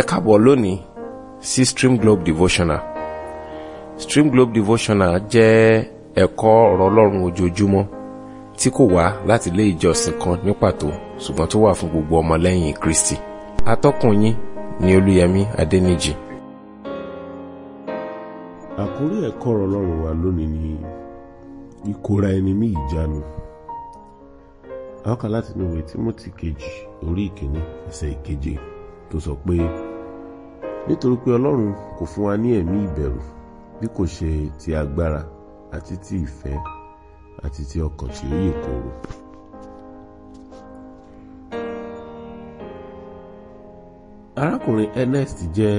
ẹ káàbọ̀ lónìí sí Stream Globe Devotional Stream Globe Devotional jẹ́ ẹ̀kọ́ ọ̀rọ̀ ọlọ́run ojoojúmọ́ tí kò wá láti ilé ìjọsìn kan ní pàtó ṣùgbọ́n tó wà fún gbogbo ọmọlẹ́yìn Kristi atọ́kùn yín ni Olúyẹmí Adẹ́nìjì. àkórí ẹ̀kọ́ ọ̀rọ̀ ọlọ́run wa lónìí ni ìkóra ẹni ní ìjánu àwọn kan láti inú ìwé Tímótì kejì orí ìkíní ẹsẹ̀ ìkeje tó sọ pé nítorí pé ọlọ́run kò fún wa ní ẹ̀mí ìbẹ̀rù bí kò ṣe ti agbára àti ti ìfẹ́ àti ti ọkàn tí ó yè kooro. arákùnrin Ernest jẹ́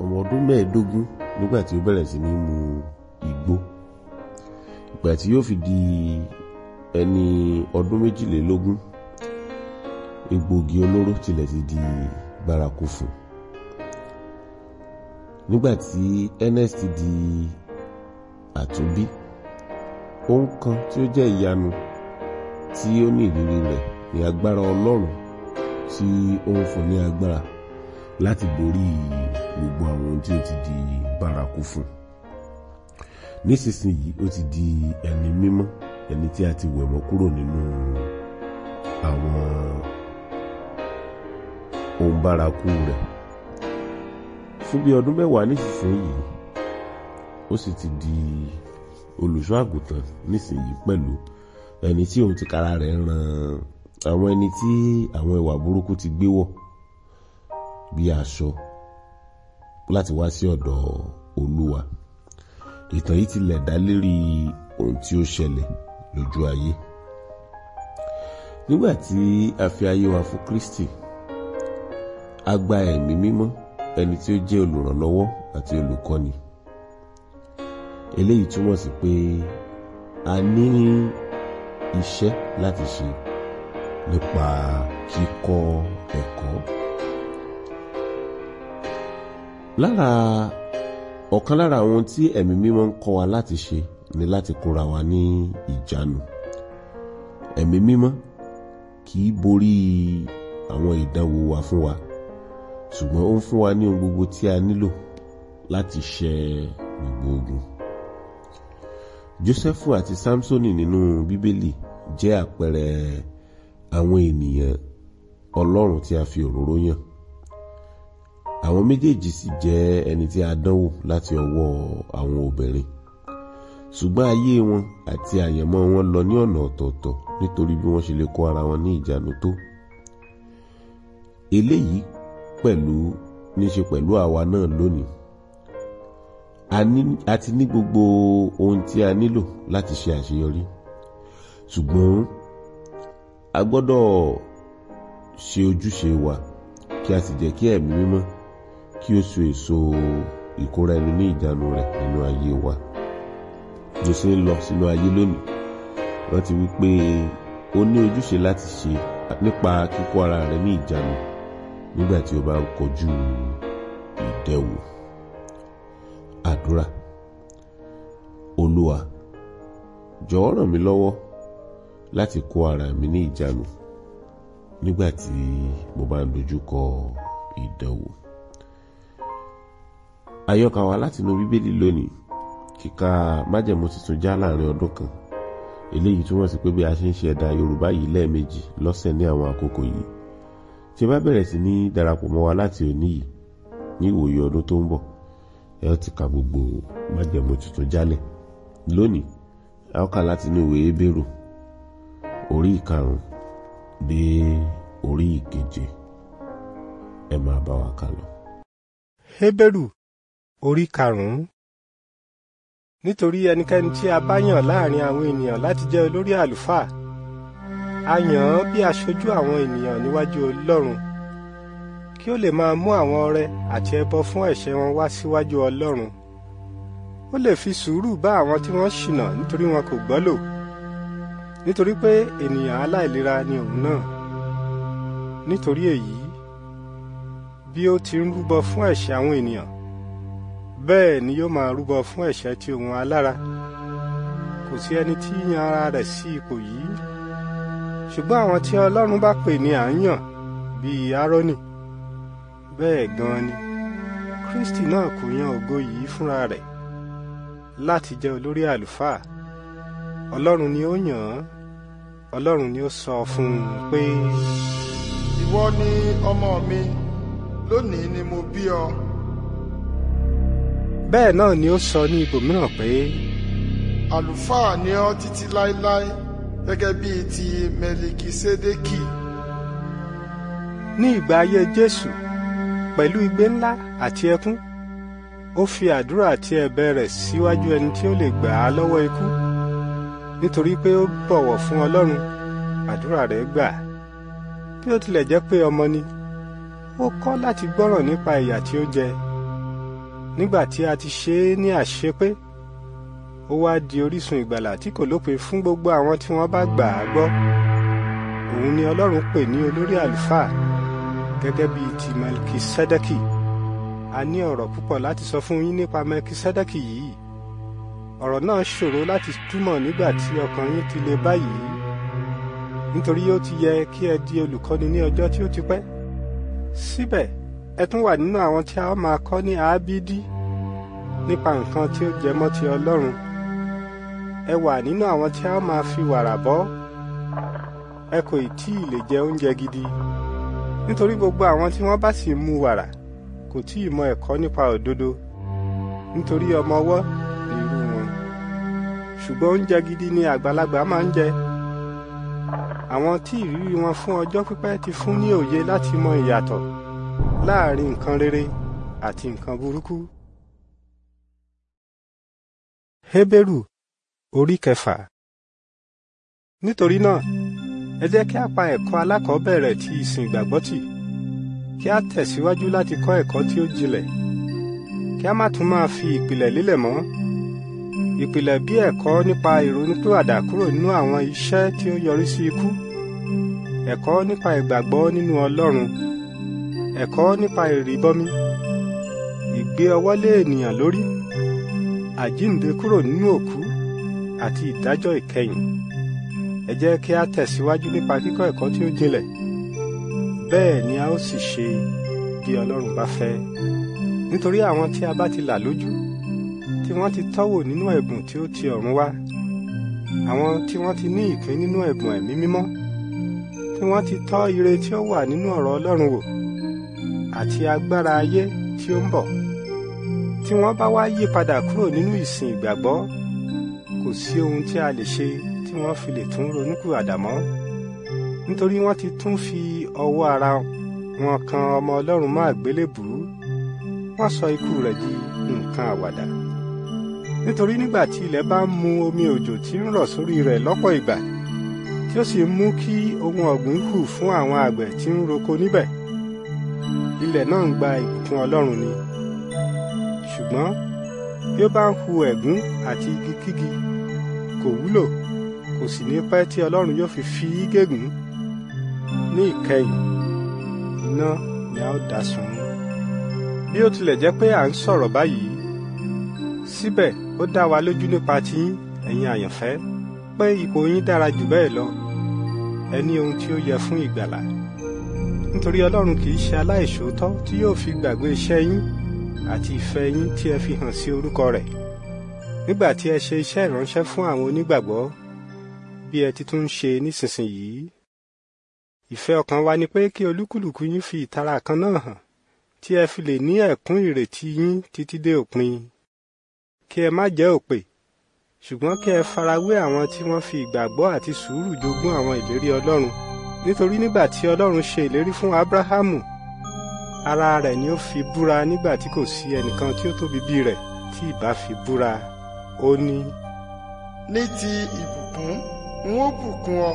ọmọ ọdún mẹ́ẹ̀ẹ́dógún nígbà tí ó bẹ̀rẹ̀ sí ní mu igbó ìgbà tí yóò fi di ẹni ọdún méjìlélógún egbògi olóró tilẹ̀ ti di agbára kò fún nígbà tí Ernest di àtúnbí ohun kan tí ó jẹ́ ìyanu tí ó ní ìrírí rẹ̀ ní agbára Ọlọ́run tí ó ń fún ní agbára láti borí gbogbo àwọn tí ó ti di bárakú fún nísinsìnyí ó ti di ẹni mímọ́ ẹni tí a ti wẹ̀mọ́ kúrò nínú àwọn òun bárakú rẹ̀ fún bí ọdún mẹ́wàá nísinsìnyí ó sì ti di olùṣọ́ àgùntàn nísìnyí pẹ̀lú ẹni tí òun ti kára rẹ̀ ran àwọn ẹni tí àwọn ìwà burúkú ti gbé wọ̀ bí aṣọ láti wá sí ọ̀dọ̀ olúwa ìtàn yìí tilẹ̀ dá lérí ohun tí ó ṣẹlẹ̀ lójú ayé nígbà tí a fi ayé wa fún Kristi a gba ẹ̀mí mímọ́ ẹni tí ó jẹ́ olùrànlọ́wọ́ àti olùkọ́ni eléyìí túmọ̀ sí pé a ní iṣẹ́ láti ṣe nípa kíkọ́ ẹ̀kọ́ lára ọ̀kan lára àwọn tí ẹ̀mí mímọ́ ń kọ́ wa láti ṣe ni láti kóra wa ní ìjánu ẹ̀mí mímọ́ kì í borí àwọn ìdánwò wa fún wa. Fún ṣùgbọ́n ó ń fún wa ní ohun gbogbo tí a nílò láti ṣe gbogbo ogun Jósẹ́fù àti Sámsónì nínú Bíbélì jẹ́ àpẹẹrẹ àwọn ènìyàn Ọlọ́run tí a fi òróró yàn àwọn méjèèjì sì jẹ́ ẹni tí a dánwò láti ọwọ́ àwọn obìnrin ṣùgbọ́n ayé wọn àti àyẹ̀mọ́ wọn lọ ní ọ̀nà ọ̀tọ̀ọ̀tọ̀ nítorí bí wọ́n ṣe lè kó ara wọn ní ìjánu tó eléyìí pẹ̀lú níṣe pẹ̀lú àwa náà lónìí a ti ní gbogbo ohun tí a nílò láti ṣe àṣeyọrí ṣùgbọ́n a gbọ́dọ̀ ṣe ojúṣe wa kí a sì jẹ́ kí ẹ̀mí mímọ́ kí ó so èso ìkóra ẹni ní ìjánu rẹ̀ nínú ayé wa bó ṣe ń lọ sínú ayé lónìí rántí wípé o ní ojúṣe láti ṣe nípa kíkó ara rẹ ní ìjánu nígbà tí o bá ń kojú ìdẹwò àdúrà olúwa jọ̀wọ́ ràn mí lọ́wọ́ láti kó ara mi ní ìjánu nígbà tí mo bá ń dojú kọ ìdánwò àyọkà wa látinú bíbélì lónìí kíka májẹ̀mú tuntun já láàrin ọdún kan eléyìí túmọ̀ sí pé bí a ṣe ń ṣẹ̀dá yorùbá yìí lẹ́ẹ̀mejì lọ́sẹ̀ ní àwọn àkókò yìí tí ẹ bá bẹ̀rẹ̀ sí ní darapọ̀ mọ́ wa láti òní yìí ní ìwòye ọdún tó ń bọ̀ ẹ ó ti ka gbogbo májẹ̀mú tuntun jálẹ̀ lónìí a ó kà láti inú ìwé Hébérù orí ìkarùn dé orí ìkeje ẹ máa bá wa kà lọ. orí karùn nítorí ẹnikẹ́ni tí a bá yàn láàrin àwọn ènìyàn láti jẹ́ olórí àlùfáà a yàn án bí aṣojú àwọn ènìyàn níwájú ọlọ́run kí ó lè máa mú àwọn ọrẹ àti ẹbọ fún ẹ̀ṣẹ̀ wọn wá síwájú ọlọ́run ó lè fi sùúrù bá àwọn tí wọ́n ṣìnà nítorí wọn kò gbọ́ lò nítorí pé ènìyàn aláìlera ni òun náà nítorí èyí bí ó ti ń rúbọ fún ẹ̀ṣẹ̀ àwọn ènìyàn bẹ́ẹ̀ ni yóò máa rúbọ fún ẹ̀ṣẹ̀ ti òun alára kò sí ẹni tí yan ara rẹ̀ sí ipò yìí ṣùgbọ́n àwọn tí Ọlọ́run bá pè ní à bíi Árónì bẹ́ẹ̀ gan ni Kristi náà kò yan ògo yìí fúnra rẹ̀ láti jẹ́ olórí àlùfáà Ọlọ́run ni ó yàn án Ọlọ́run ni ó sọ fún un pé. ìwọ ni ọmọ mi lónìí ni mo bí ọ. bẹ́ẹ̀ náà ni ó sọ ní ibòmíràn pé. àlùfáà ni ọ títí láéláé. Lai lai gẹ́gẹ́ bíi ti mẹlikisedeki. ní ìgbà ayé jésù pẹ̀lú igbe ńlá àti ẹkún ó fi àdúrà àti ẹ̀bẹ̀ rẹ̀ síwájú ẹni tí ó lè gbà á lọ́wọ́ ikú nítorí pé ó bọ̀wọ̀ fún ọlọ́run àdúrà rẹ̀ gbà bí ó tilẹ̀ jẹ́ pé ọmọ ni ó kọ́ láti gbọ́ràn nípa ìyà tí ó jẹ nígbà tí a ti ṣe é ní àṣepé ó wá di orísun ìgbàlà tí kò lópin fún gbogbo àwọn tí wọ́n bá gbà á gbọ́ òun ni ọlọ́run pè ní olórí àlùfáà gẹ́gẹ́ bíi ti melkisedeki a ní ọ̀rọ̀ púpọ̀ láti sọ fún yín nípa melkisedeki yìí ọ̀rọ̀ náà ṣòro láti túmọ̀ nígbà tí ọkàn yín ti le báyìí nítorí ó ti yẹ kí ẹ di olùkọ́ni ní ọjọ́ tí ó ti pẹ́ síbẹ̀ ẹ tún wà nínú àwọn tí a máa kọ́ ní àábídí nípa nǹkan tí ó jẹmọ́ ti ọlọ́run ẹ wà nínú àwọn tí a máa fi wàrà bọ́ ẹ kò tí ì lè jẹ oúnjẹ gidi nítorí gbogbo àwọn tí wọ́n bá sì mu wàrà kò tí ì mọ ẹ̀kọ́ nípa òdodo nítorí ọmọ ọwọ́ ni irú wọn ṣùgbọ́n oúnjẹ gidi ni àgbàlagbà máa ń jẹ àwọn tí ìrírí wọn fún ọjọ́ pípẹ́ ti fún ní òye láti mọ ìyàtọ̀ láàrin nǹkan rere àti nǹkan burúkú. Hébérù orí kẹfà. nítorí náà ẹ jẹ́ kí a pa ẹ̀kọ́ alákọ̀ọ́bẹ̀rẹ̀ ti ìsìn ìgbàgbọ́ tì kí a tẹ̀síwájú láti kọ́ ẹ̀kọ́ tí ó jinlẹ̀ kí a má tún máa fi ìpìlẹ̀ lélẹ̀ mọ́ ìpìlẹ̀ bí ẹ̀kọ́ nípa ìrònúpìwàdà kúrò nínú àwọn iṣẹ́ tí ó yọrí sí ikú ẹ̀kọ́ nípa ìgbàgbọ́ nínú Ọlọ́run ẹ̀kọ́ nípa ìrìbọmi ìgbé ọwọ́ lé ènìyàn lórí àjíǹde kúrò nínú òkú àti ìdájọ́ ìkẹyìn ẹ jẹ́ kí a tẹ̀síwájú nípa kíkọ́ ẹ̀kọ́ tí ó jinlẹ̀ bẹ́ẹ̀ ni a ó sì ṣe bí ọlọ́run bá fẹ́ nítorí àwọn tí a bá ti là lójú tí wọ́n ti tọ́wò nínú ẹ̀bùn tí ó ti ọ̀run wá àwọn tí wọ́n ti ní ìpín nínú ẹ̀bùn ẹ̀mí mímọ́ tí wọ́n ti tọ́ ire tí ó wà nínú ọ̀rọ̀ ọlọ́run wò àti agbára ayé tí ó ń bọ̀ tí wọ́n bá wá yí padà kúrò nínú ìsìn ìgbàgbọ́ kò sí ohun tí a lè ṣe tí wọ́n fi lè tún ronúkúwàdà mọ́ nítorí wọ́n ti tún fi ọwọ́ ara wọn kan ọmọ ọlọ́run mọ́ àgbélébùú wọ́n sọ ikú rẹ̀ di nǹkan àwàdà nítorí nígbà tí ilẹ̀ bá ń mu omi òjò tí ń rọ̀ sórí rẹ̀ lọ́pọ̀ ìgbà tí ó sì mú kí ohun ọ̀gbìn hù fún àwọn àgbẹ̀ tí ń roko níbẹ̀ ilẹ̀ náà ń gba ìbùkún ọlọ́run ni ṣùgbọ́n bí ó bá ń hu ẹ̀gún àti igikígi kò wúlò kò sì ní pẹ́ tí ọlọ́run yóò fi fi í gégùn ní ìkẹyìn iná ni a ó dà sun bí ó tilẹ̀ jẹ́ pé à ń sọ̀rọ̀ báyìí síbẹ̀ ó dá wa lójú nípa ti ẹ̀yin àyànfẹ́ pé ipò yín dára jù bẹ́ẹ̀ lọ ẹ ohun tí ó yẹ fún ìgbàlà nítorí ọlọ́run kì í ṣe aláìṣòótọ́ tí yóò fi gbàgbé iṣẹ́ yín àti ìfẹ́ yín tí ẹ fi hàn sí orúkọ rẹ̀ nígbà tí ẹ ṣe iṣẹ́ ìránṣẹ́ fún àwọn onígbàgbọ́ bí ẹ ti tún ń ṣe nísinsìnyí ìfẹ́ ọkàn wa ni pé kí olúkúlùkù yín fi ìtara kan náà hàn tí ẹ fi lè ní ẹ̀kún ìrètí yín títí dé òpin kí ẹ má jẹ́ òpè ṣùgbọ́n kí ẹ farawé àwọn tí wọ́n fi ìgbàgbọ́ àti sùúrù jogún àwọn ìlérí Ọlọ́run nítorí nígbà tí Ọlọ́run ṣe ìlérí fún Ábúráhámù ara rẹ̀ ni ó fi búra nígbà tí kò sí ẹnìkan tí ó tóbi bí rẹ̀ tí ìbá fi búra ó ní. ní ti ìbùkún n ó bùkún ọ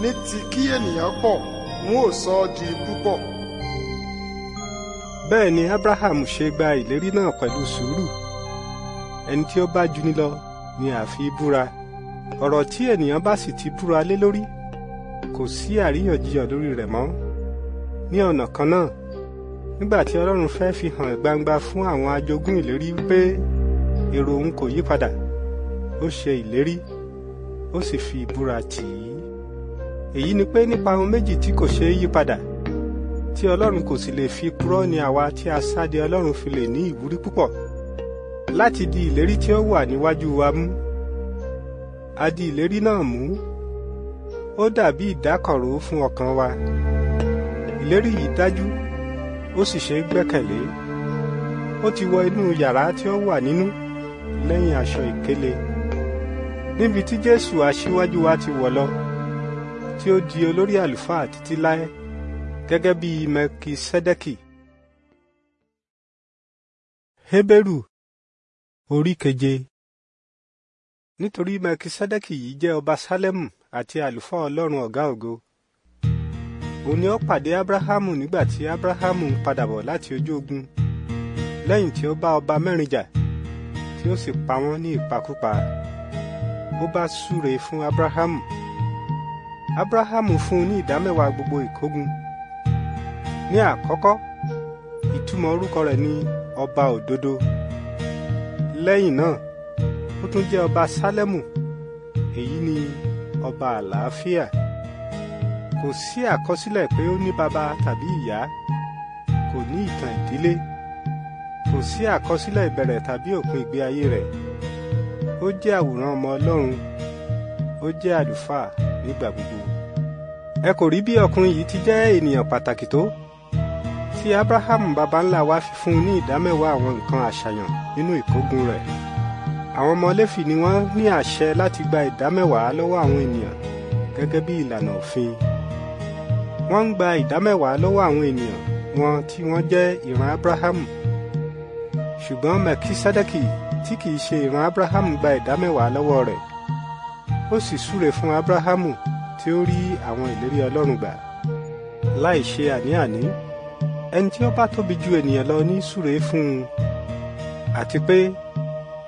ní ti kí ènìyàn pọ̀ n ó sọ ọ di púpọ̀. bẹ́ẹ̀ ni abraham ṣe gba ìlérí náà pẹ̀lú sùúrù ẹni tí ó bá juni lọ ni a fi búra ọ̀rọ̀ tí ènìyàn bá sì ti búra lé lórí kò sí àríyànjiyàn lórí rẹ̀ mọ́ ní ọ̀nà kan náà nígbà tí ọlọ́run fẹ́ fi hàn gbangba fún àwọn ajogún ìlérí pé èrò òun kò yí padà ó ṣe ìlérí ó sì fi ìbúra tì í èyí ni pé nípa ohun méjì tí kò ṣeé yí padà tí ọlọ́run kò sì lè fi purọ́ ni àwa tí a sáde ọlọ́run fi lè ní ìwúrí púpọ̀ láti di ìlérí tí ó wà níwájú wa mú a di ìlérí náà mú ó dàbí ìdákọ̀ró fún ọkàn wa ìlérí yìí dájú ó sì ṣe é gbẹ́kẹ̀lé ó ti wọ inú yàrá tí ó wà nínú lẹ́yìn aṣọ ìkélé níbi tí Jésù aṣíwájú wa ti wọ̀ lọ tí ó di olórí àlùfáà títí láé gẹ́gẹ́ bí Mẹkiṣẹ́dẹ́kì. Hébérù orí keje nítorí Mẹkiṣẹ́dẹ́kì yìí jẹ́ ọba Sálẹ́mù àti àlùfáà Ọlọ́run ọ̀gá ògo òun ni ó pàdé Ábráhámù nígbà tí Ábráhámù padà bọ̀ láti ojú ogun lẹ́yìn tí ó bá ọba mẹ́rin jà tí ó sì pa wọ́n ní ìpakúpa ó bá súre fún abrahamu abrahamu fún un ní ìdámẹ́wàá gbogbo ìkógun ní àkọ́kọ́ ìtumọ̀ orúkọ rẹ̀ ní ọba òdodo lẹ́yìn náà ó tún jẹ́ ọba sálẹ́mù èyí ni ọba àlàáfíà kò sí àkọsílẹ̀ pé ó ní baba tàbí ìyá kò ní ìtàn ìdílé sí àkọsílẹ̀ ìbẹ̀rẹ̀ tàbí òpin ìgbé ayé rẹ̀ ó jẹ́ àwòrán ọmọ ọlọ́run ó jẹ́ àlùfáà nígbà gbogbo ẹ kò rí bí ọkùnrin yìí ti jẹ́ ènìyàn pàtàkì tó tí abraham baba ńlá wa fi fún un ní ìdámẹ́wàá àwọn nǹkan àṣàyàn nínú ìkógun rẹ̀ àwọn ọmọ léfì ni wọ́n ní àṣẹ láti gba ìdámẹ́wàá lọ́wọ́ àwọn ènìyàn gẹ́gẹ́ bí ìlànà òfin wọ́n ń gba ìdámẹ́wàá lọ́wọ́ àwọn ènìyàn wọn tí wọ́n jẹ́ ìran abrahamu ṣùgbọ́n mẹkisedeki tí kìí ṣe ìran abrahamu gba ìdámẹ́wàá lọ́wọ́ rẹ̀ ó sì súre fún abrahamu tí ó rí àwọn ìlérí ọlọ́run gbà láì ṣe àní-àní ẹni tí ó bá tóbi ju ènìyàn lọ ní súre fún un àti pé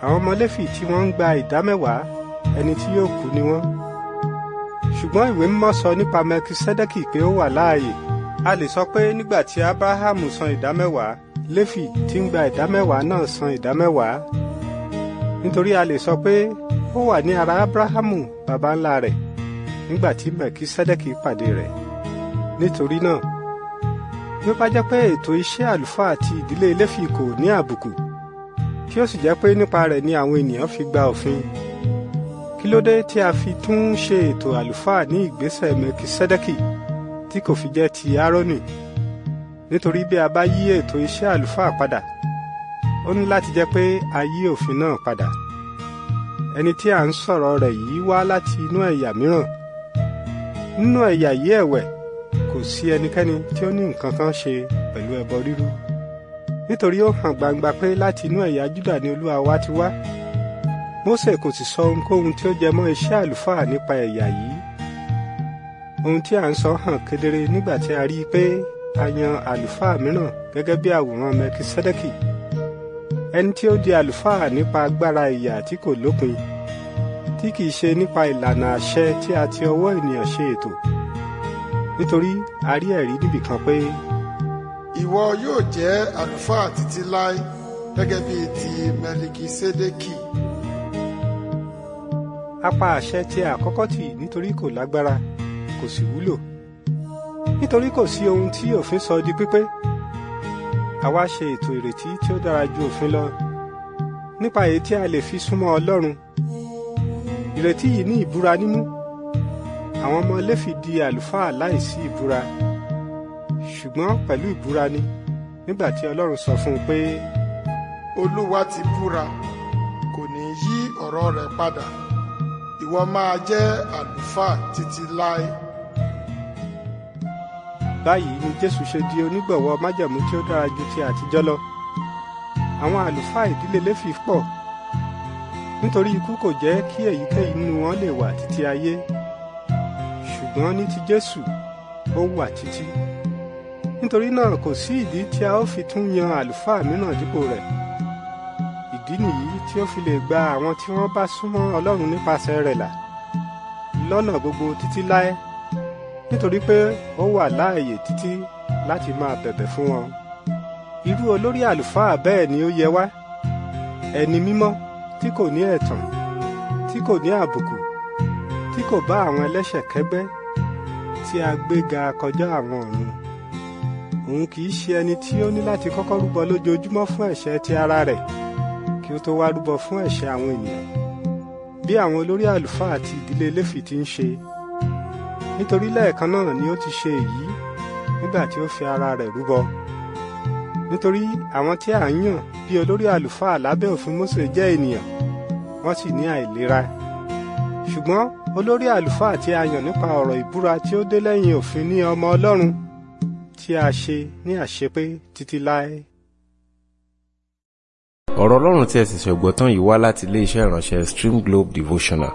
àwọn ọmọ Léfì tí wọ́n ń gba ìdámẹ́wàá ẹni tí yóò kú ni wọ́n ṣùgbọ́n ìwé mímọ́ sọ nípa mẹkisedeki pé ó wà láàyè a lè sọ pé nígbà tí abrahamu san ìdámẹ́wàá Lefi, tí ń gba ìdámẹ́wàá náà san ìdámẹ́wàá nítorí a lè sọ pé ó wà ní ara abrahamu baba ńlá rẹ̀ nígbà tí mẹ̀kísẹ́dẹ́kì pàdé rẹ̀ nítorí náà bí ó bá jẹ́ pé ètò iṣẹ́ àlùfáà àti ìdílé léfì kò ní àbùkù kí ó sì jẹ́ pé nípa rẹ̀ ni àwọn ènìyàn fi gba òfin kí ló dé tí a fi tún ṣe ètò àlùfáà ní ìgbésẹ̀ mẹ̀kísẹ́dẹ́kì tí kò fi jẹ́ ti aaroni nítorí bí a bá yí ètò iṣẹ́ àlùfáà padà ó ní láti jẹ́ pé a yí òfin náà padà ẹni tí a ń sọ̀rọ̀ rẹ̀ yìí wá láti inú ẹ̀yà mìíràn nínú ẹ̀yà yìí ẹ̀wẹ̀ kò sí ẹnikẹ́ni tí ó ní nǹkan kan ṣe pẹ̀lú ẹbọ rírú nítorí ó hàn gbangba pé láti inú ẹ̀yà Júdà ni Olúwa wa ti wá Mósè kò sì sọ ohunkóhun tí ó jẹ mọ́ iṣẹ́ àlùfáà nípa ẹ̀yà yìí ohun tí a ń sọ hàn kedere nígbà tí a rí i pé a yan àlùfáà mìíràn gẹ́gẹ́ bí àwòrán mẹkisédẹ́kì ẹni tí ó di àlùfáà nípa agbára ìyà tí kò lópin tí kìí ṣe nípa ìlànà àṣẹ tí a ti ọwọ́ ènìyàn ṣe ètò nítorí a rí ẹ̀rí níbì kan pé. ìwọ yóò jẹ́ àlùfáà títí láé gẹ́gẹ́ bí ti mẹlikisédẹ́kì. apá àṣẹ tí a kọ́kọ́ tì nítorí kò lágbára kò sì wúlò. Si nítorí kò sí ohun tí òfin sọ di pípé àwa ṣe ètò ìrètí tí ó dára ju òfin lọ nípa èyí tí a lè fi súnmọ́ Ọlọ́run ìrètí yìí ní ìbúra nínú àwọn ọmọ Léfì di àlùfáà láìsí ìbúra ṣùgbọ́n pẹ̀lú ìbúra ni nígbà tí Ọlọ́run sọ fún un pé. Olúwa ti búra kò ní yí ọ̀rọ̀ rẹ̀ padà ìwọ máa jẹ́ àlùfáà títí láé báyìí ni jésù ṣe di onígbọ̀wọ́ májẹ̀mú tí ó dára ju ti àtijọ́ lọ àwọn àlùfáà ìdílé léfì pọ̀ nítorí ikú kò jẹ́ kí èyíkéyìí nínú wọn lè wà títí ayé ṣùgbọ́n ní ti jésù ó wà títí nítorí náà kò sí ìdí tí a ó fi tún yan àlùfáà mìíràn dípò rẹ̀ ìdí nìyí tí ó fi lè gba àwọn tí wọ́n bá súnmọ́ ọlọ́run nípasẹ̀ rẹ̀ là lọ́nà gbogbo títí láé nítorí pé ó wà láàyè títí láti máa bẹ̀bẹ̀ fún wọn. irú olórí àlùfáà bẹ́ẹ̀ ni ó yẹ wá ẹni mímọ́ tí kò ní ẹ̀tàn tí kò ní àbùkù tí kò bá àwọn ẹlẹ́ṣẹ̀ kẹ́gbẹ́ tí a gbéga kọjá àwọn ọ̀run òun kì í ṣe ẹni tí ó ní láti kọ́kọ́ rúbọ lójoojúmọ́ fún ẹ̀ṣẹ̀ ti ara rẹ̀ kí ó tó wá rúbọ fún ẹ̀ṣẹ̀ àwọn ènìyàn bí àwọn olórí àlùfáà àti ìdílé Léfì ti ń ṣe nítorí lẹ́ẹ̀kan náà ni ó ti ṣe èyí nígbà tí ó fi ara rẹ̀ rúbọ nítorí àwọn tí a ń yàn bí olórí àlùfáà lábẹ́ òfin Mósè jẹ́ ènìyàn wọ́n sì ní àìlera ṣùgbọ́n olórí àlùfáà tí a yàn nípa ọ̀rọ̀ ìbúra tí ó dé lẹ́yìn òfin ní ọmọ Ọlọ́run tí a ṣe ní àṣepé títí láé. ọ̀rọ̀ Ọlọ́run tí ẹ sì ṣẹ̀gbọ́n tán yìí wá láti ilé iṣẹ́ ìránṣẹ́ Stream Globe Devotional